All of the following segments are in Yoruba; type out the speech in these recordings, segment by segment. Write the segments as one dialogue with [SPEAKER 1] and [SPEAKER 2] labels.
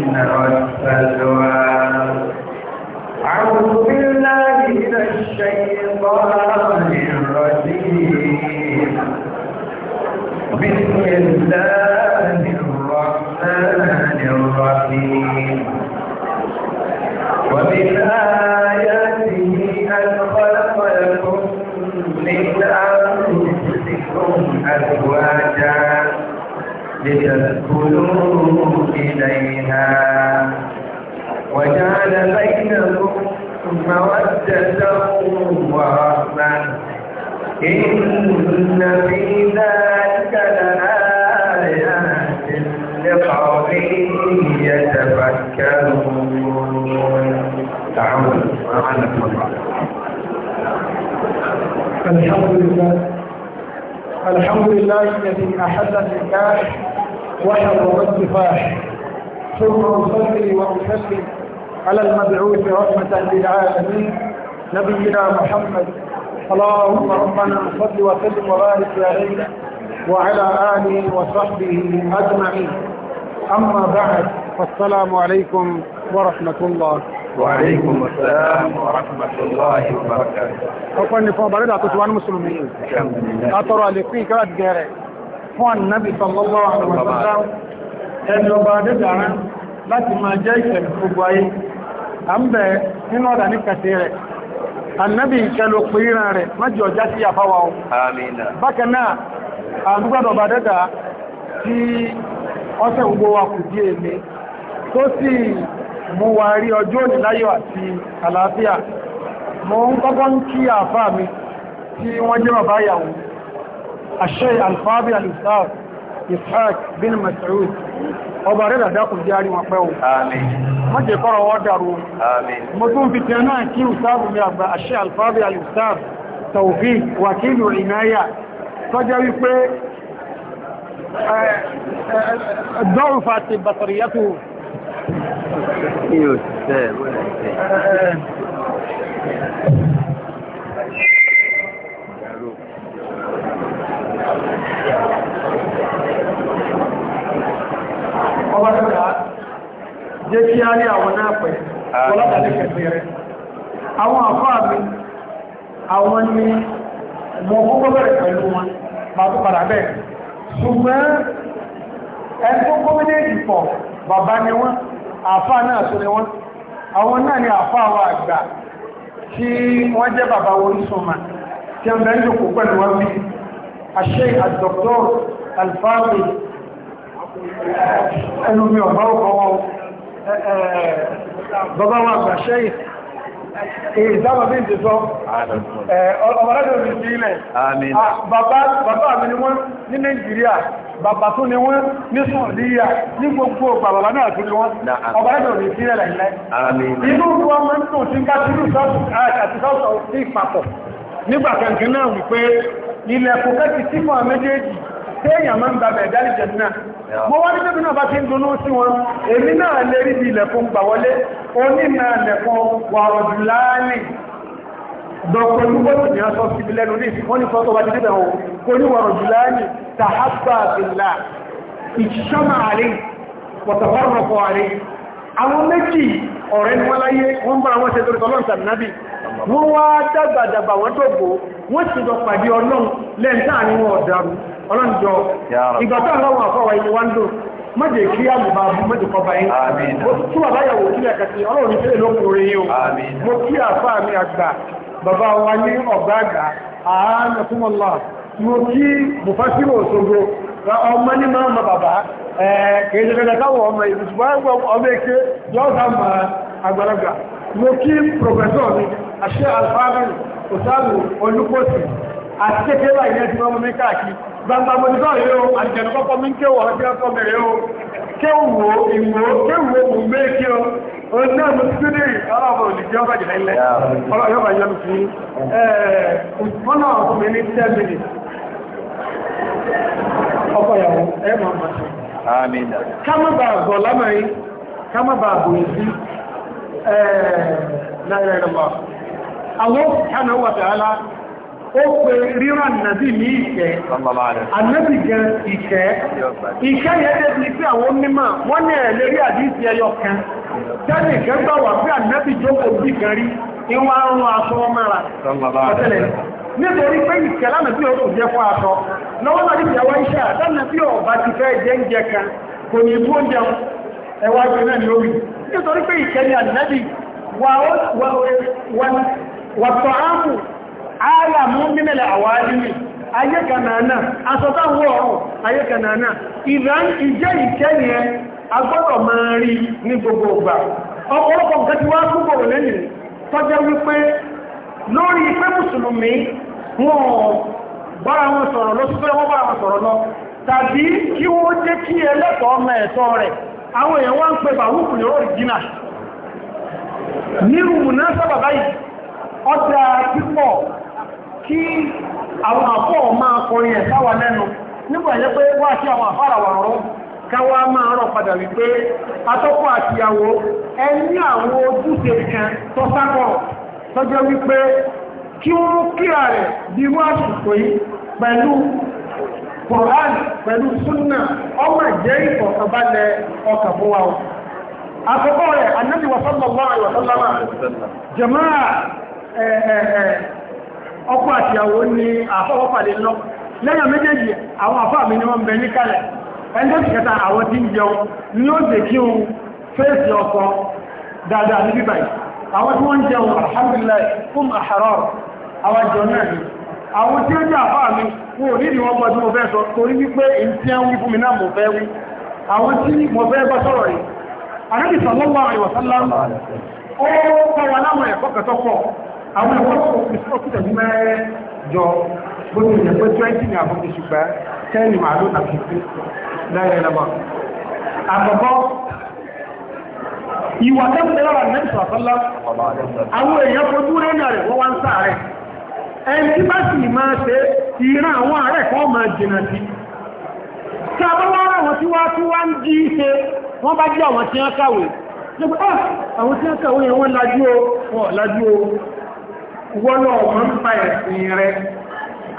[SPEAKER 1] على الحمد لله الحمد لله الذي أحل النكاح وحرم السفاح ثم أصلي وأسلم على المبعوث رحمة للعالمين نبينا محمد اللهم ربنا صل وسلم وبارك عليه وعلى آله وصحبه أجمعين أما بعد فالسلام عليكم ورحمة الله Wàríkùn Ọ̀pọ̀ nìkan ọba rẹ̀dà tó ti wá ní Mùsùlùmí. Látọrọ àlékún ìkẹ́rà ti gẹ̀rẹ̀ fún ànìyàn sọ̀lọ́lọ́ àwọn ọ̀sán ẹni ọba adẹ́dàrá láti máa jẹ́ ìṣẹ̀lẹ̀ gbogbo ayé. A ń bẹ̀ nínú ọ̀dà ní kẹsẹ̀ rẹ̀. Ànìyàn ìṣẹ̀lẹ̀ pèríran rẹ̀ májì ọjá sí àfáwà ọ. Bákan náà, àdúgbàdọ̀ ọba adẹ́dà tí mú wa rí ọjọ́ òní láyọ̀ àti àlàáfíà mo ń kọ́kọ́ ń kí àfá mi tí wọ́n jẹ́ bàbá ìyàwó àṣẹ alfábí alìsáà ishaq bin mas'ud ọba rẹ̀ dàdákùn jẹ́ àríwọ̀n pẹ́ o wọ́n jẹ́ kọ́rọ̀ wọ́n dàrú mo tún fi tẹ́ náà kí ìsáàbù dọ́rùfà ti bàtàríyàtò You said, what did Ọba tó dáa, jẹ́ kí a rí àwọn náà pẹ̀, ah. ọlọ́pàá lè rẹ̀. Àwọn àfáà mi, àwọn ni mo kọ́kọ́ bẹ̀rẹ̀ pẹ̀lú wọn, máa tó padà bẹ́ẹ̀. Ṣùgbọ́n ẹgbẹ́ gómìnà ìdìpọ̀, bàbá ni wọ́n. àfá náà tó ní wọ́n àwọn náà ni àfá àwọn àgbà tí wọ́n jẹ́ bàbá wọn súnmà tí wọ́n bẹ̀rẹ̀ jòkó pẹ̀lú wọn bí àṣẹ àdọ̀tọ̀ alfáàbì ẹlùmí ọ̀bá ọkọ̀ bàbá wọn àgbà ṣe ìzábà ah, ni wọ́n bàbá tó ni wọ́n ní sọ̀díyà ní gbogbo bàbá náà tó ni wọ́n ọba ẹ̀dọ̀ ní sí ẹ̀lẹ̀ ilẹ̀ inú wọn mọ́ tó ti bá tínú sọ́sọ̀ sí ìpapọ̀ nígbà kankan náà wípé ilẹ̀ kò kẹ́kì tí mọ̀ méjèèjì téèyàn máa ń gba bẹ̀ẹ̀dálì jẹ̀ náà mo wá ní tẹ́bí náà bá ti ń dunú sí wọn èmi náà lè rí bí ilẹ̀kùn gbà wọlé onímọ̀ ẹ̀lẹ̀kùn wàrọ̀dùláàlì dọ̀pọ̀ ìgbọ́dọ̀ ní aṣọ síbi lẹ́nu ní wọ́n ní sọ́tọ̀ bá ti débẹ̀ wọn kò ní wọ̀rọ̀ jùláàní tàhábà àbìlà ìṣọ́mà àrí pọ̀tàfọ́rọ̀pọ̀ àrí àwọn méjì ọ̀rẹ́ ni wọ́n láyé wọ́n bára wọ́n ṣe torí tọ́lọ́n tàbí wọ́n wá dàgbàdàgbà wọ́n dògbò wọ́n sì lọ pàdé ọlọ́run lẹ́ǹtà ní wọn ọ̀dàrú ọlọ́njọ́ ìgbà tó àwọn mọ́jẹ̀ kí á mọ̀ bá bú mọ́jẹ̀ kọba yìí tí wà báyàwó sílẹ̀ kẹsì ọlọ́run ìfẹ́ lókùnrin yìí mo kí àfáà mi àgbà bàbá wa ní ọ̀gá àgbà àánà fún ọlá mo kí bùfásírò òṣogbo ọmọ ní máa ma bàbá kèèjẹ̀kẹ́jẹ̀ káwọ̀ ọmọ ìbùsùgbọ́n ọmọ èké yọ́ta ma àgbàlagbà mo kí pòfẹ́sọ̀ mi àṣẹ alfáàbẹ̀rẹ̀ òsáàlù olúkòsì àti kékeré àìyẹ́ ti wọ́n mi káàkiri gbangba mo ní báyìí o àjẹ̀nukọ́kọ́ mú kí o ọ̀nà mùsùlùmí ọlọ́ọ̀bọ̀ olùjẹ́ ọba jẹ́ ilẹ̀ ọlọ́ọ̀yọ́bà yọ́nu fi ọ̀nà ọkùnrin ní tẹ́bìlì ọkọ̀ ìyàwó ẹ̀mọ̀ mọ̀ kámọ́bà àgbọ̀ lámàrí kámọ́bà àgbọ̀ ìsí láìrẹ̀rẹ̀mọ̀ àwọn ọ̀pọ̀ wàtàálá ó pe ríran nàbí ní ìkẹ́ ànábì gan ìkẹ́ ìkẹ́ yẹ́ débi pé àwọn mímọ̀ wọ́n ní ẹ̀lérí àdíìsì ẹyọ kan tẹ́lẹ̀ kẹgbà wà pé ànábì jókòó bí kan rí ní wọ́n ń rún aṣọ mọ́ra ọ̀tẹ́lẹ̀ nítorí pé ìkẹlánà tí ó kò jẹ́ fún aṣọ lọ́wọ́ láti jẹ́wọ́ iṣẹ́ àtẹ́nà tí ọba ti fẹ́ jẹ́ ń jẹ kan kò ní bú oúnjẹ ẹwà jù náà ni ó rí nítorí pé ìkẹlẹ̀ ànábì wàtọ̀ áàmù ààlàmú nílẹ̀ àwáàlìmì ayé kanáà náà aṣọ táwọn ọ̀rọ̀ ayé kanáà náà ìjẹ́ ìkẹlẹ̀ agbọ́dọ̀ máa rí ní gbogbo ọgbà ọ̀pọ̀lọpọ̀ nǹkan tí wá púpọ̀ lẹ́yìn tọ́jẹ́ wípé lórí pé mùsùlùmí wọn bára wọn sọ̀rọ̀ lọ sípé wọ́n bára wọn sọ̀rọ̀ lọ tàbí kí wọ́n jẹ́ kí ẹlẹ́tọ̀ọ́ ọmọ ẹ̀tọ́ rẹ̀ àwọn èèyàn wá ń káwá máa rọ̀ padà wípé atọ́kọ àtìyàwó ẹni àwọn ojúṣe kan tó sákọ̀ tọ́jọ́ wípé kí wọ́n mú kíra rẹ̀ bí wọ́n àsìkò yìí pẹ̀lú sunna pẹ̀lú súnnà ọmọ ìjẹ́ ìfọ̀kànbalẹ̀ ọkà lẹ́yìn méjèèjì àwọn àfáà mi ni wọ́n ẹjọ́ kẹta àwọn tí ń jẹun ni o fèsì ọkọ̀ dáadáa ní bíbáyì àwọn tí wọ́n jẹun alhamdulillah fún àhàrọ̀ àwọn jọ náà ni àwọn tí ó jẹ́ mi mo fẹ́ sọ torí wípé tí wọ́n wí fún mi náà mo fẹ́ wí àwọn tí mo fẹ́ gbọ́ sọ̀rọ̀ rẹ̀ láyé lọ́mọ. Àkọ́kọ́, ìwà tẹ́kùtẹ́ lára nẹ́bí sọ̀tọ́lá, àwọn èèyàn fojú rẹ́nà rẹ̀ wọ́n wá ń sáàrẹ̀. Ẹni tí bá sì máa ṣe ìran àwọn ààrẹ kan máa jìnà sí. Tí a bá wá rà wọn tí wá tí wá ń jí ṣe, wọ́n bá jí àwọn tí wọ́n kàwé. Nígbà ah, àwọn tí wọ́n kàwé yẹn wọ́n lajú o, lajú o, wọ́n lọ ọ̀mọ́ ń pa ẹ̀sìn rẹ̀.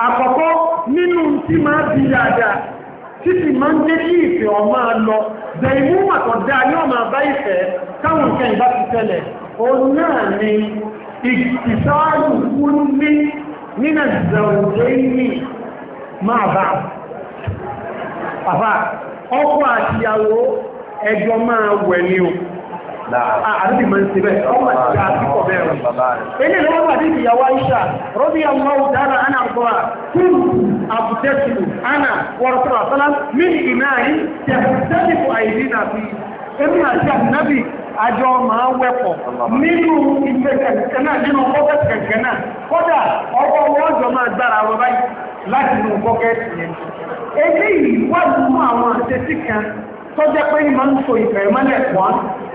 [SPEAKER 1] Àkọ́kọ́ nínú tí máa bí dáadáa títí máa ń jẹ́ kí ìfẹ́ ọmọ lọ bẹ imú màtọ̀ dá ní ọmọ àbá ìfẹ́ káwọn nǹkan ìbá ti tẹ́lẹ̀ o náà ni ìsáàlù fún ní nínà ìzàwòrẹ́ ní máa bá bàbá ọkọ àtìyàwó ẹjọ́ máa wẹ̀ ní o Ah, àdúgbì máa ń ṣe bẹ́ẹ̀ ọmọ ìjà àtìkọ̀ bẹ́ẹ̀rùn ilé lọ́wọ́ pàdé ìyàwó Aisha rọ́bí àwọn dára ana àgbọ́ra kúrù àbùtẹ́sìlù ana wọ́rọ̀sọ́rọ̀ àtọ́lá mini ìnáyí tẹ̀sẹ̀sẹ̀sẹ̀kù àìrí nà fi èmi àti ànábì àjọ máa ń nínú ìfẹ́ náà nínú ọkọ̀ kẹ̀kẹ́ náà kódà ọkọ̀ wọ́n jọ máa gbára wọn báyìí láti inú bọ́kẹ́tì yẹn eléyìí wà nínú àwọn àṣetí tó jẹ́ pé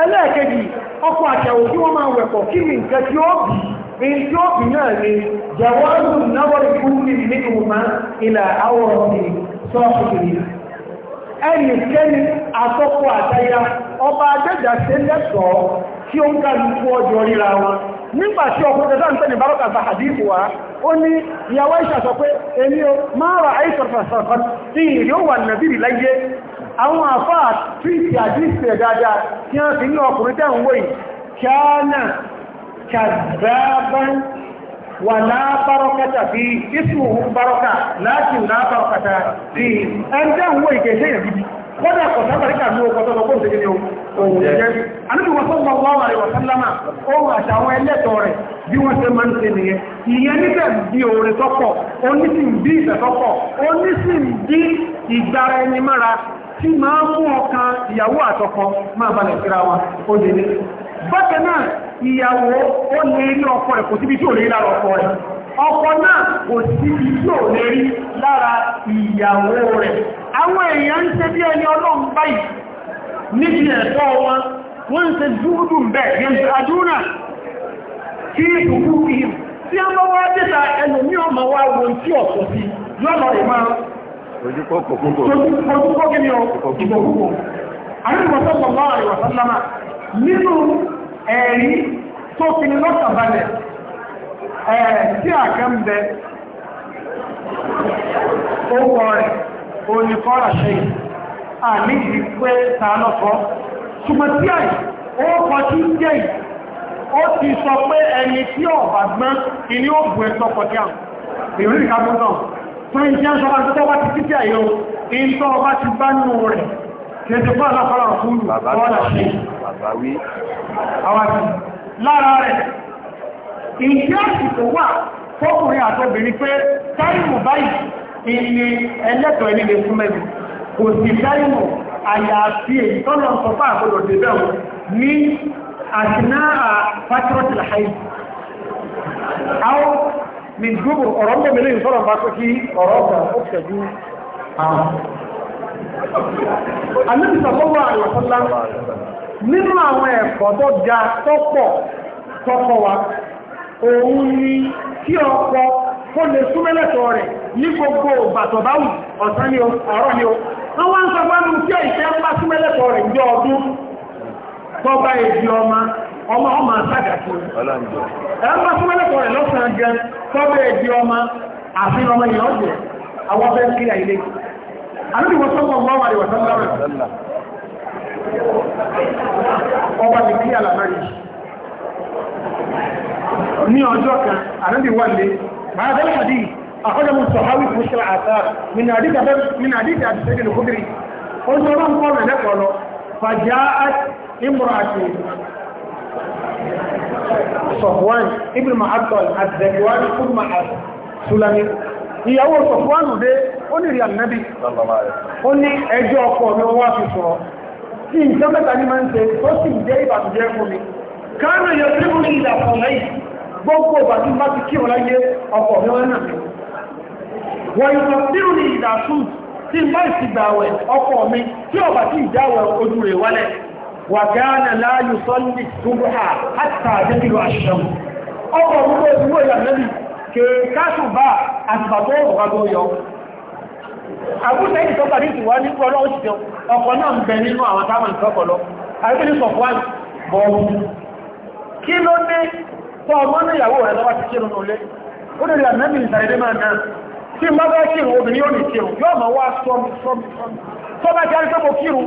[SPEAKER 1] ẹlẹ́ẹ̀kejì ọkọ̀ àtẹ̀wò tí wọ́n máa wẹ̀pọ̀ kí ni nǹkan tí ó bì in tí ó bì náà ni jẹ̀wọ́rù náwọ́rì kúrúnì nínú ma ilẹ̀ àwọ̀rọ̀ ni sọ́ọ̀kùnrin ẹnìkẹ́ni àtọ́kọ̀ àtẹ́yà ọba ajẹ́jà sí lẹ́tọ̀ọ́ tí ó ń ká lùkú ọjọ́ ríra wọn nígbàtí ọkùnrin tẹ́tà ń tẹ́lẹ̀ bárọ́kà bá àdífò wá ó ní ìyàwó ìṣàsọ pé èmi máa rà àìsàn tí ìrìn ó wà nàbìrì láyé àwọn àfáà tíìsì àdíìsì ẹ̀ dáadáa tí wọ́n fi ní ọkùnrin tẹ́ ń wé kíánà kàdábán wà lábárọ́kátà bí ismù bárọ́kà láti lábárọ́kátà bí ẹgbẹ́ ń wé ìkẹsẹ́ ìrìnbí kọ́dà kọ̀tà bàríkà ní ọkọ̀ tó lọ́kọ́ ìṣẹ́gẹ́ oúnjẹ anúbíwọ̀n tó gbọ́ wọ́n rẹ̀ wọ̀sánlámà ohun àtàwọn ẹlẹ́tọ̀ rẹ̀ bí wọ́n ṣe máa ń ṣe nìyẹn ìyẹn níbẹ̀ bí oore tọ́pọ̀ onísìn bí ìfẹ́ tọ́pọ̀ onísìn bí ìgbára ẹni mára tí máa mú ọkàn ìyàwó àtọkọ máa balẹ̀ síra wa ó lè ní bákan náà ìyàwó ó lè rí ọkọ rẹ̀ kò síbi tí ò lè rí lára rẹ̀ náà kò síbi tí ò lè rí lára ìyàwó rẹ̀ àwọn èèyàn ń bí ẹni ọlọ́run báyìí níbi ẹ̀tọ́ wọn wọ́n a ojúkọ́ kòkòkò ojúkọ́ kí ni ọ ìgbòkòkò àríwọ̀sọ́pọ̀ lọ́wọ́ àríwọ̀sọ́lámà nínú ẹ̀rí tó fi ní lọ́sàbálẹ̀ tí àkẹ́ ń bẹ owó rẹ̀ oníkọ́rà ṣe àní ìpé tààlọ́kọ́ ṣùgbọ́n tí àì ó kọ tí ń jẹ́ ì ó ti sọ pé ẹni tí ọ̀bàgbọ́n ìní ó bù ẹ̀ tọkọ̀ tí àwọn ìrìn ìkàgbọ́n náà fún ìjẹ́ sọ́bá tó tọ́wà ti títí àyọ in tó ọba ti bá nù rẹ̀ kẹsẹ̀ fún aláfàrà fún ọwọ́dà sí àwàtí lára rẹ̀ ìjẹ́ àsìkò wà fọ́kùnrin àtọ́bìnrin pé táìmù báyìí ilé ẹlẹ́tọ̀ ẹni lè fún mẹ́rin kò sí táìmù àyàfi èyí tọ́lọ sọ fún àgbọ̀dọ̀ débẹ̀ wọn ní àṣìná àfátírọ́tìlá min dubur ọ̀rọ̀ mọ̀ mẹ́lẹ́ ìfọ́nà bá sọ kí ọ̀rọ̀ ọ̀gá ó ṣẹ̀jú àwọn. Àníbi sọ̀kọ́wọ́ àlọ́sọ́lá nínú àwọn ẹ̀kọ́ tó ga tọ́pọ̀ tọ́pọ̀ wa, òun ni kí ọkọ kó lè súnmẹ́lẹ̀tọ̀ rẹ̀ ní gbogbo bàtọ̀báwù ọ̀sán ni o, àárọ̀ ni o. Wọ́n wá ń sọ bá mú kí ìfẹ́ ń bá súnmẹ́lẹ̀tọ̀ rẹ̀ jọ ọdún tọ́ba èdè ọmọ ọmọ ọmọ àṣàgàtì. Ẹ ń bá súnmẹ́lẹ̀tọ̀ rẹ̀ lọ́sàn-án gan tọ́bẹ̀ ẹ̀dí ọmọ àfin ọmọ ìyàn ọ̀jẹ̀ àwọn ọbẹ̀ kí àìlé alúbìwọ̀ sọ́pọ̀ mọ́wàá rẹ̀ wọ̀sán lọ́rẹ̀ ọba lè kí àlàmárì ní ọjọ́ kan àrẹ́bìwọ̀ lè máa bẹ́lẹ̀ àdí àkọ́jọ́ mú sọ̀háwì fún ṣe àtàrà min àdíkà àti ṣẹ́gẹ̀ lè kúgìrì ó ń sọ Sọ̀fúwán ibn Ma'atol àtẹ̀kùwárí fún Ma'atol Sulami. Ìyàwó Sọ̀fúwánù dé, ó ní rí ànábì. Ó ní ẹjọ́ ọkọ mi wá fi sọ̀rọ̀. Tí nǹkan mẹ́ta ní máa ń ṣe, ó sì jẹ́ ìbànújẹ́ fún mi. Káàmì yọ sí mú ní ìdàpọ̀ lẹ́yìn. Gbogbo ti kí wọn láyé ọkọ̀ mi wọ́n nà mí. Wọ́n yọ sí mú ní ìdàsùn tí bá ìsìgbà ọkọ̀ mi tí ọba tí ìjáwẹ̀ wàgánà láàyù sọ́lì gúgbà àtàdẹ́kìlò àṣìṣẹ́mù ọkọ̀ gbogbo ìwò ìyàmẹ́lì kèèkásù bá àtìbàtọ́ ọ̀gbàgbọ́ yọ àbúṣe ìtọ́gbà ní ìtìwá ní pọ́lọ́ òṣìṣẹ́ ọkọ̀ náà ń bẹ nínú àwọn táwọn ìtọ́kọ̀lọ́ àríkìlì sọ̀fọ́n bọ̀ọ̀mù ní tọ́ tí má bá kírun obìnrin yóò ní kírun yóò máa wá sọ́mù sọ́mù sọ́mù tó bá jẹ́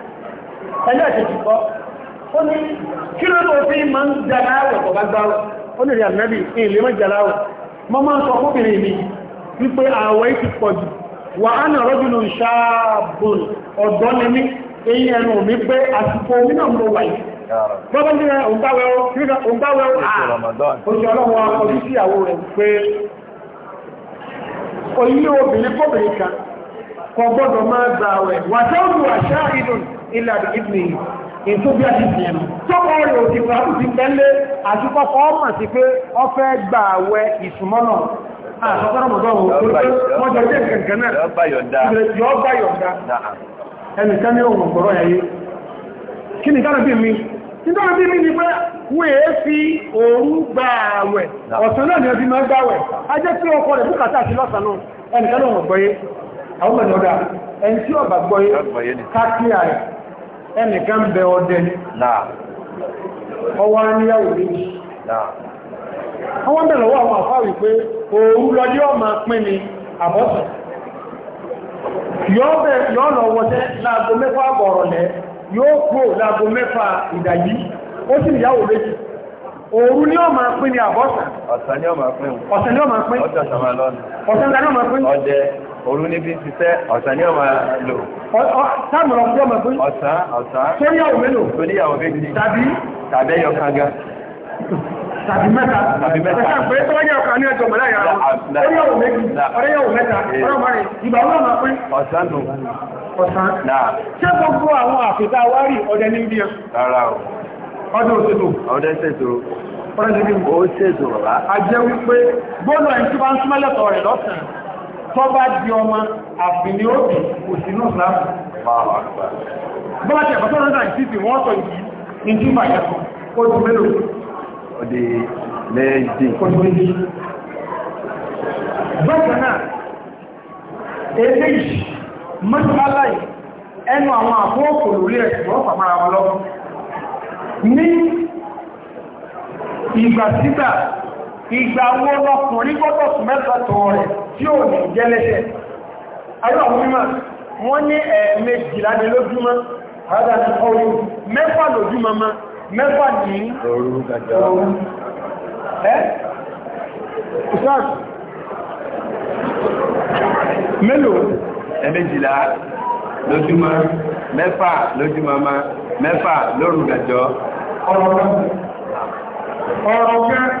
[SPEAKER 1] ẹlẹ́ẹ̀kejì kọ́ ó ní kí ló tó fi ma ń jaláwẹ̀ kọ̀ bá gbáwẹ̀ ó nìrí ànábì ilé mọ́ jaláwẹ̀ mọ́ máa sọ fóbìnrin mi wípé àwẹ̀ ti pọ̀ jù wà á nà ọ̀dọ́ ni mí èyí ẹnu mi pé àsìkò wà yìí ilẹ̀ àti ìpìlẹ̀ yìí ètò bí a ti fi ẹnu tọ́pọ̀ rẹ̀ ò ti fà á ti tẹ́lẹ̀ àtúkọ́kọ́ ọmọ sí pé ọ fẹ́ gbà wẹ ìsúnmọ́nà nítorí bí mi ni pé wọ́n èé fi òru gba àwẹ̀ ọ̀sán náà ni ọdí máa gba àwẹ̀ a jẹ́ tí ọkọ̀ rẹ̀ búkàtà àti lọ́sàn náà ẹnìkan náà wọ̀n gbọ́yé àwọn mẹ́rin ọdá ẹni tí ọba gbọ́yé káàkiri ààrẹ ẹnìkan bẹ ọdẹ ọwọ́ aníyàwó méjì ọwọ́ bẹ̀rẹ̀ wọ́n àwọn àfá wípé òun lọ́jọ́ ọmọ pín ni àbọ́sùn yọ́ lọ wọ́tẹ́ láàgbó mẹ́fà àbọ̀rọ̀lẹ́ yóò kúrò láàgbó mẹ́fà ìdàjí ó sì ìyàwó méjì òru ni ó pín ni àbọ́sùn ọ̀sán ni ó ni ó máa pín ọ̀sán òru ní bí ń ṣiṣẹ́ ọ̀sán ní ọmọ lò. táàmù ọ̀rọ̀ fún ọmọ fún. ọ̀sán ọ̀sán. sóníyàwó mélòó. sóníyàwó méjì. tàbí. tàbí ẹyọ kan gan.
[SPEAKER 2] tàbí mẹ́ta. tàbí mẹ́ta. ẹ̀ka pé tọ́wọ́jà ọ̀kan ní ẹjọ́ mọ́lá yàrá wọn. sóníyàwó méjì. ọ̀rẹ́yàwó mẹ́ta. ọ̀rọ̀ márùn-ún. ìgbà wọn máa pín.
[SPEAKER 1] ọ̀sán nù. ọ̀sán. ṣé gbogbo àwọn àfẹ́tà wárì ọ̀dẹ ní bí ọdún òṣèlú ọdún ṣètò ọdún ṣètò rà. a jẹ́ wípé gbọ́dọ̀ ẹni tí wọ́n ń súnmọ́lẹ̀tọ̀ rẹ̀ lọ́sàn-án tó bá di ọmọ àfìní òbí òsìnú ìsìlámù bọ́lá tẹ̀kọ́ tó rọ́nà ìsìsì wọ́n sọ yìí ní tí bàyà ó ti mélòó ọdẹ lẹ́ẹ̀dẹ̀ kọ́tọ́lẹ́dẹ̀ bẹ́ẹ̀ náà eléyìí mọ́tàlá yìí ẹnu àwọn àkókò lórí ẹ̀sùn wọ́n fàmàrà wọn lọ ní ìgbà sígbà ìgbà wo lọkùnrin gbọ́dọ̀ sùn mẹ́ta tó rẹ̀ tí ò ní jẹ́lẹ́ṣẹ̀ ayọ́ àwọn mímọ̀ wọ́n ní ẹ̀ẹ̀mejìlá ní lójúmọ́ àádá ní ọ̀rọ̀ mẹ́fà lójúmọ́ mọ́ mẹ́fà ní òru gàjọ́ ẹ́ ìsáàsì mélòó ẹ̀ẹ̀mejìlá lójúmọ́ mẹ́fà lójúmọ́ mọ́ mẹ́fà lóru gàjọ́ ọ̀rọ̀ ọ̀rọ̀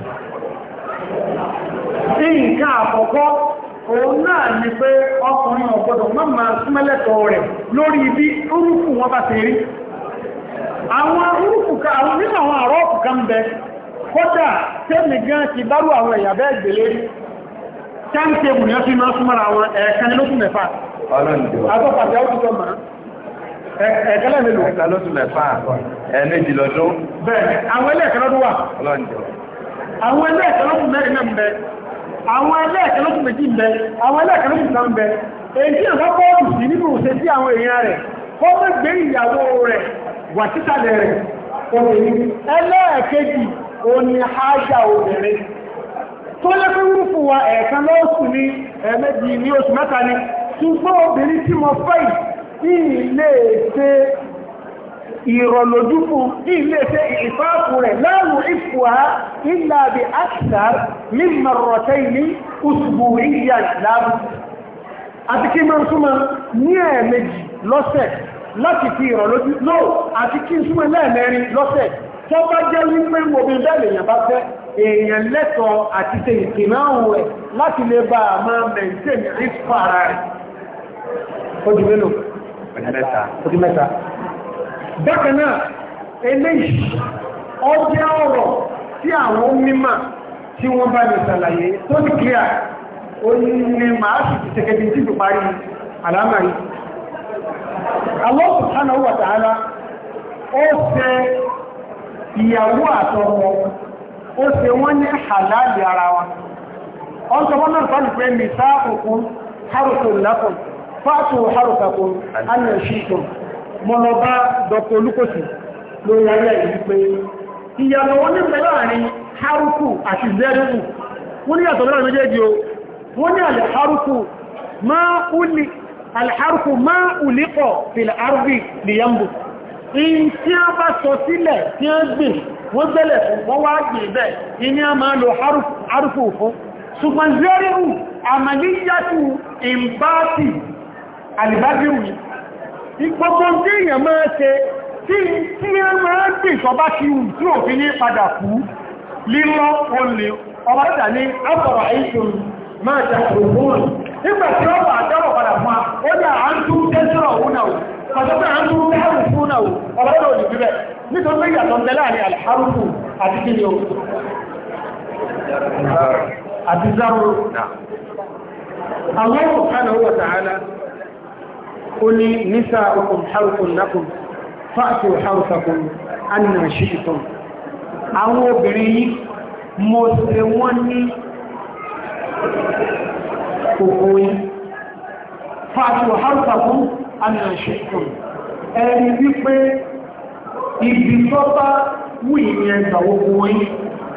[SPEAKER 1] nǹkan àkọ́kọ́ òun náà ni pé ọkùnrin ọ̀gbọ́dọ̀ má máa súnmẹ́lẹ̀tọ̀ rẹ̀ lórí bí orúkù wọn bá ti rí àwọn orúkù ká àwọn nínú àwọn àrọ́ọ̀kù kan bẹ kódà tẹ́mì gan ti bárú àwọn ẹ̀yà bẹ́ẹ̀ gbèlé táńtẹ́bù ni ó fi máa súnmọ́ra àwọn ẹ̀ẹ̀kan ní lóṣù mẹ́fà àtọ́pàdé ọ́tútọ́ máa ẹ̀ẹ̀kẹ́lẹ́ mélòó ẹ̀ẹ̀kan lóṣù mẹ́fà ẹ̀ẹ̀mejì lọ́dún bẹ́ẹ̀ àwọn ẹlẹ́ẹ̀kan lọ́dún wà àwọn ẹlẹ́ẹ̀kan lọ́dún mẹ́rin náà bẹ́ẹ̀ àwọn ẹlẹ́ẹ̀kẹ́ lóṣù méjì ń bẹ àwọn ẹlẹ́ẹ̀kẹ́ lóṣù kan ń bẹ èyí tí ọ̀gá bọ́ọ̀lù sí nínú òṣè sí àwọn èèyàn rẹ̀ kó mọ́ gbé ìyàwó rẹ̀ wà títàlẹ̀ rẹ̀ obìnrin ẹlẹ́ẹ̀kejì òní hájà obìnrin tó lẹ́kọ́ rúfù wa ẹ̀ẹ̀kan lóṣù ní ẹ̀ẹ̀mẹ́jì ní oṣù mẹ́ta ni ṣùgbọ́n obìnrin tí mo fẹ́ yìí ilé ṣe ìrọ̀lójúkú ní ilé-iṣẹ́ ìfáàkù rẹ̀ láàrù ìfùwà ìlà bí àṣà mímọ̀rọ̀tẹ́ ní òṣùgbò ìyà ìlàbù àti kí súnmọ́ ní ẹ̀ẹ̀mejì lọ́sẹ̀ láti fi àti kí súnmọ́ lẹ́ẹ̀mẹ́rin lọ́sẹ̀ tó bá jẹ́ wípé bákan náà eléyìí ọjọ́ ọ̀rọ̀ tí àwọn mímọ̀ tí wọ́n bá lè ṣàlàyé tó ní clear ó ní màá sì ti tẹ́kẹ́bí tí kò parí àlámàrí Allah subhanahu wa ta'ala ó ṣe ìyàwó àtọmọ ó ṣe wọ́n ní halali ara wọn ọ́n tọmọ náà sọ́lù mo lọ bá dr olúkòsì lórí ayé yìí pé ìyàtọ̀ wọn ní pẹ̀lú àárín haruku àti zẹ́rùkù wọ́n ní yàtọ̀ lọ́rọ̀ méjèèjì o wọ́n ní alharuku máa ulikọ̀ fìlà arbi liyambu in tí a bá sọ sílẹ̀ tí a gbìn wọ́n gbẹ̀lẹ̀ fún wọ́n wá gbìn bẹ́ gbogbo tí èèyàn máa ṣe tí tí wọ́n máa ń pè sọba sí ìhù tí òfin ní padà kú lílọ́ olè ọba dàdà ní afọ̀rọ̀ àìṣòrò máa jẹ òòrùn nígbà tí ó wà àjọ́rọ̀ padà fún ó ní àántú tẹ́sírọ̀ òun náà pàtàkì àántú tẹ́sírọ̀ ó ní nísà okùn harfun lakum fàtí harfakun anna shi'tum àwọn obìnrin yìí mo ṣe wọ́n ní kòkó yìí fàtí harfakun anna shi'tum ẹni wípé ibi tọ́bá wù ìyẹn ẹgbà ogun yìí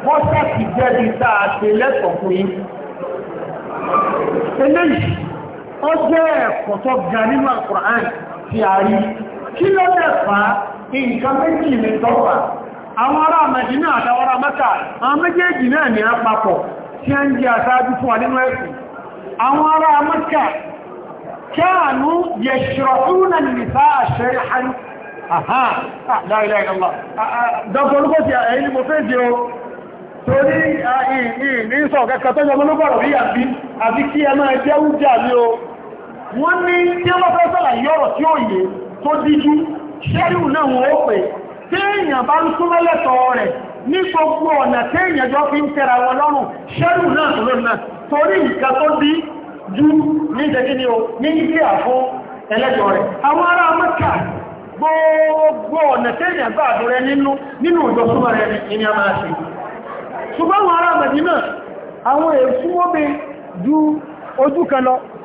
[SPEAKER 1] wọ́n sá ti jẹ́ bí dáa ṣe lẹ́tọ̀ọ́ fún ó jẹ́ ẹ̀kọ́ tó ga nínú Al-Qur'an tí a rí kí ló lẹ́fà nǹkan méjì ní tọ́fà àwọn ará Mẹ́dínà àtàwọn ará Mẹ́kà àwọn méjèèjì náà ní àpapọ̀ tí a ń jẹ́ àṣáájú fún wa nínú ẹ̀sìn àwọn ará Mẹ́kà kíànú yẹ̀ṣọ̀rọ̀únà nìfà àṣẹ́rẹ̀ àhá láìláì lọ́lá dọ́kọ̀ olúkọ́ ti ah, ní sọ̀kẹ́kẹ́ tó yọ mọ́lúbọ̀rọ̀ rí àbí àti kí ẹ máa jẹ́ oúnjẹ àmì wọ́n ní tí wọ́n fẹ́ sàlàyé ọ̀rọ̀ tí ó yé tó díjú ṣẹ́rìù náà wọ́n ó pè tí èèyàn bá ń súnmọ́ lẹ́tọ̀ọ́ rẹ̀ ní gbogbo ọ̀nà tí èèyàn jọ fi ń tẹra wọn lọ́rùn ṣẹ́rìù náà tó lónà torí nǹkan tó dí ju ní ìdẹ́kí ni o ní ilé àfún ẹlẹ́tọ̀ọ́ rẹ̀ àwọn ará mẹ́kà gbogbo ọ̀nà tí èèyàn gbà a máa ṣe ṣùgbọ́n àwọn ará mẹ́dínà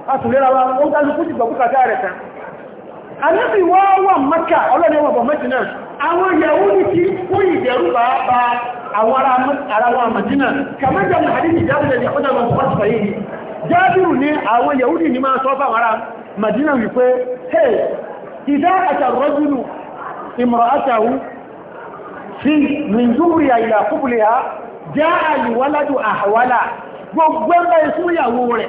[SPEAKER 1] àtùlera wa ó tálùkú ti gbọ̀kú kàtà rẹ̀ tán anábì wá wà mẹ́kà ọlọ́ni wọn bọ̀ mẹ́jìnà àwọn ìyàwó ní kí ó ìdẹ̀rù bá bá àwọn ará wọn mẹ́jìnà kàmẹ́jà mẹ́jìnà jábìlẹ̀ ìyàkọ́jà wọn bọ̀ sọ yìí jábìrù ní àwọn ìyàwó ní máa sọ fáwọn ará mẹ́jìnà wípé hey ìdá àtàrọ́jùlù ìmọ̀ àtàwù fi mìzúrì àyà kúbùlẹ̀ ha já àyíwáládù àhàwálà gbogbo ẹgbẹ́ ìsúnyàwó rẹ̀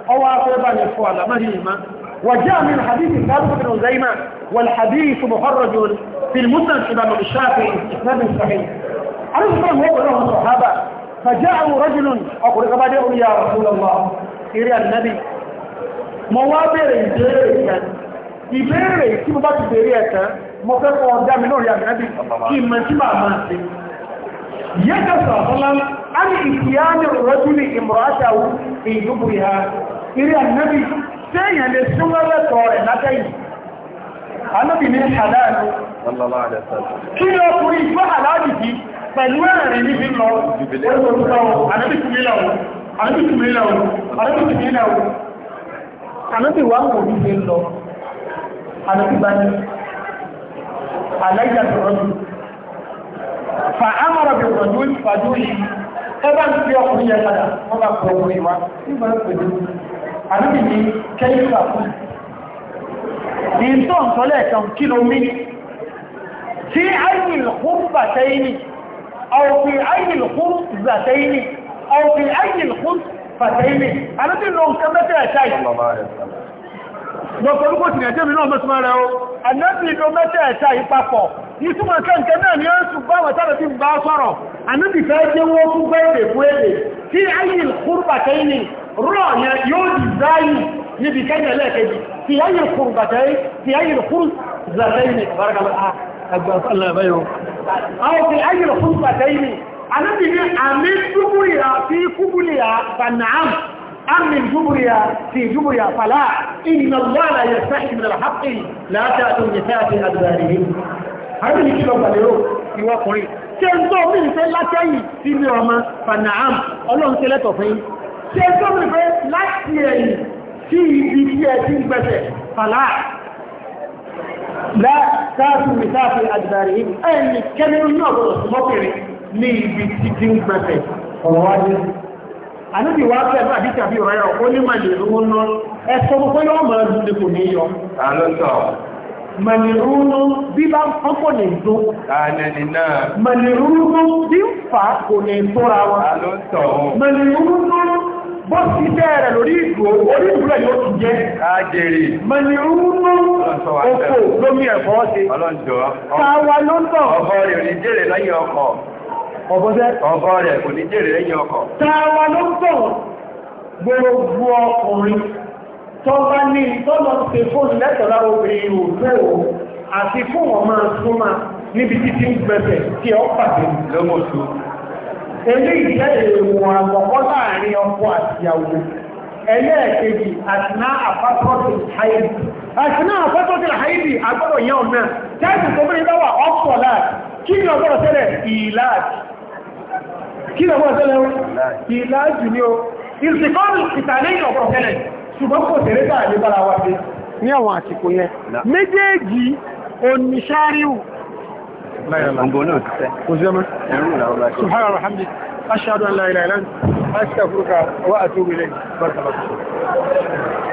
[SPEAKER 1] ọwọ́ afẹ́ bá ní fọ́ وجاء من الحديث ثابت بن زيمة والحديث مخرج في المسند إمام الشافعي إسناد صحيح عليه الصلاة هو له الصحابة فجاءه رجل أقول قبل يا رسول الله إلى النبي موابر إبريكا إبريكا كيف بات إبريكا مكان ورداء من نور يا النبي كما تبع ماسي يجب صلى الله عليه وسلم عن إتيان الرجل امرأته fi ìdúbù ìhà ìrí ànábì tí èèyàn lè súnmọ́ lẹ́tọ̀ rẹ̀ látẹ́yìn ànábì ní àdáàlú kí ni ọkùnrin ìgbọ́ àláàdì bí pẹ̀lú ẹ̀rìn níbi lọ ànábì tùmílẹ̀ Fa amara bi rajul fajuli ẹgbẹ́ ń fi ọkùnrin yẹn padà wọ́n bá pọ̀ ọkùnrin wa nígbà pẹ̀lú àdúgbì ní kẹ́yìnfà fún ìtọ́ ìtọ́lẹ̀ kan kí ló mí tí ayìl kúrúbà tẹ́yìnì ọ̀fì ayìl kúrúbà tẹ́yìnì ọ̀fì ayìl kúrúbà tẹ́yìnì dr olúkò sí ẹ̀jẹ́mi náà mọ́túnmọ́ rẹ̀ o ànábì ìdó mẹ́tẹ̀ẹ̀ta ìpapọ̀ ìtumọ̀ kẹ́ǹkẹ́ náà ni ó ń ṣùgbọ́n àwọn tàbí tí ń bá sọ̀rọ̀ ànábì fẹ́ jẹ́ wọ́n fún gbẹ́ẹ̀dẹ̀ fún èdè tí ayil kúrùbàtẹ́ ni rọ̀ yẹn yóò di záyì níbi kẹ́yìn lẹ́ẹ̀kejì tí ayil kúrùbàtẹ́ tí ayil kúrùbàtẹ́ ni bàrẹ̀ ah, àgbà أمن جبريا في جبريا فلا إن الله لا يستحي من الحق لا تأتوا النساء في أدبارهم هذا اللي كده بليرو يوافقني ṣẹ́ntọ́ mi fẹ́ látẹ́yìn sí ilé ọmọ fanaham ọlọ́run ṣe lẹ́tọ̀ fún yín ṣẹ́ntọ́ mi fẹ́ láti ẹ̀yìn sí ibi tí ẹ ti ń gbẹ̀sẹ̀ fàlá láàtàkù mìsáàfin àdìdàrí ẹni kẹ́mẹ́rún ní ọ̀gọ̀rọ̀ sí mọ́kẹ̀rẹ̀ ní ibi tí ti ń gbẹ̀sẹ̀ ọ̀rọ̀ wájú àníbi wá fẹ́ bá àdíkà bí ọ̀rẹ́ ọ̀kọ́ ní màlìrúnú ẹ̀sọ́ gbogbo yóò máa dùn ní kò ní yọ. àlọ́tọ̀. bí bá ọkọ̀ ní dùn. ànẹ́ni bí ń fà kò ní tóra wọn. àlọ́tọ̀. bó ti bẹ̀rẹ̀ lórí ìgbò orí ìgbò yóò ti jẹ́. àjèrè. oko lómi ẹ̀fọ́ ṣe. ọlọ́njọ́. káwa ló ọ̀bọ́sẹ́ ọkọ rẹ̀ kò ní jèrè lẹ́yìn ọkọ tààwà ló pọ̀ gbogbo ọkùnrin tó bá ní ìtọ́lọ ṣe fóònù lẹ́tọ̀lá obìnrin òfẹ́ o àti fún ọmọ súnmà níbi títí ń gbẹ̀bẹ̀ tí ọ pàdé lọ́mọ̀tò èlé ìjẹ́ èèwọ̀ àkọ́kọ́ láàrin ọkọ àtìyàwó ẹlẹ́ẹ̀kejì àtìná àpapọ̀tì haidi àtìná àpapọ̀tì haidi agbọ́dọ̀ yẹun náà tẹ́sì tó bí kí lọ wọ́n tẹ́lẹ̀ kí láàájú ní o ìsìnkọ́nù ìtàlẹ́yìn ọ̀pọ̀ tẹ́lẹ̀ ṣùgbọ́n kò tẹ́lẹ̀ tàà lè bára wá sí ní àwọn àsìkò yẹn méjèèjì oníṣáríù سبحان الحمد أشهد أن لا